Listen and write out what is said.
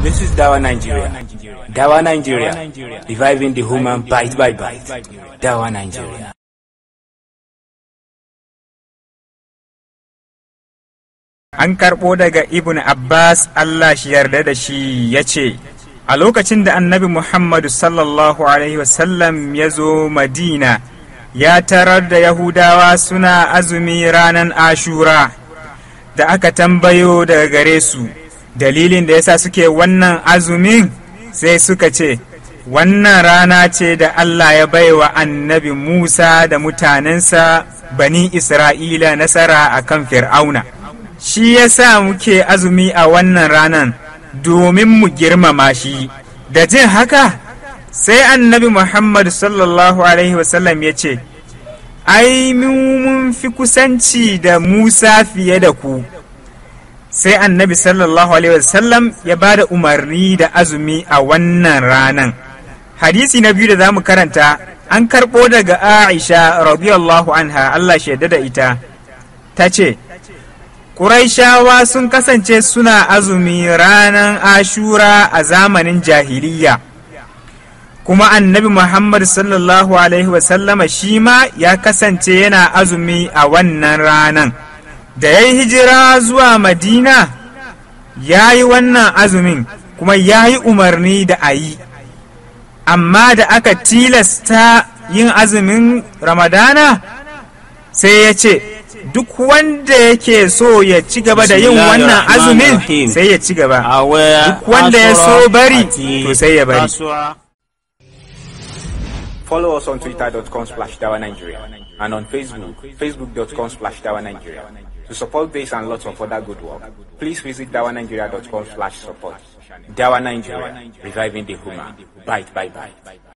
This is Dawa Nigeria. Dawa Nigeria. Reviving the human bite by bite. Dawa Nigeria. An karɓo daga Ibn Abbas Allah shi yarda da shi ya ce, A lokacin da annabi Muhammadu sallallahu Alaihi wasallam ya zo Madina, ya tarar da Yahudawa suna azumi ranar Ashura, da aka tambayo daga gare su. dalilin da yasa suke wannan azumin sai suka ce wannan rana ce da Allah ya bai wa annabi Musa da mutanensa bani Isra'ila nasara a kan Fir'auna. Shi ya sa muke azumi a wannan ranan domin mu girmama shi, da jin haka sai annabi Muhammad sallallahu Alaihi wasallam ya ce, Ai, mun fi kusanci da Musa fiye da ku. sai annabi sallallahu alaihi wasallam ya ba da umarni da azumi a wannan ranan hadisi na biyu da za mu karanta an karɓo daga aisha radiyallahu anha allah shaida da ita ta ce ƙuraishawa sun kasance suna azumi ranan ashura a zamanin jahiliya kuma annabi muhammad sallallahu alaihi wasallama shi ma ya kasance yana azumi a wannan ranan. da ya yi hijira zuwa madina ya yi wannan azumin kuma ya yi umarni da a yi amma da aka tilasta yin azumin ramadana sai ya ce duk wanda yake so ya ci gaba da yin wannan azumin sai ya ci gaba duk wanda ya so bari to sai ya bari Follow us on twitter.com slash Nigeria and on Facebook, facebook.com slash Nigeria. To support this and lots of other good work, please visit dawanigeria.com slash support. Dawa Nigeria, reviving the human. Bye, bye, bye.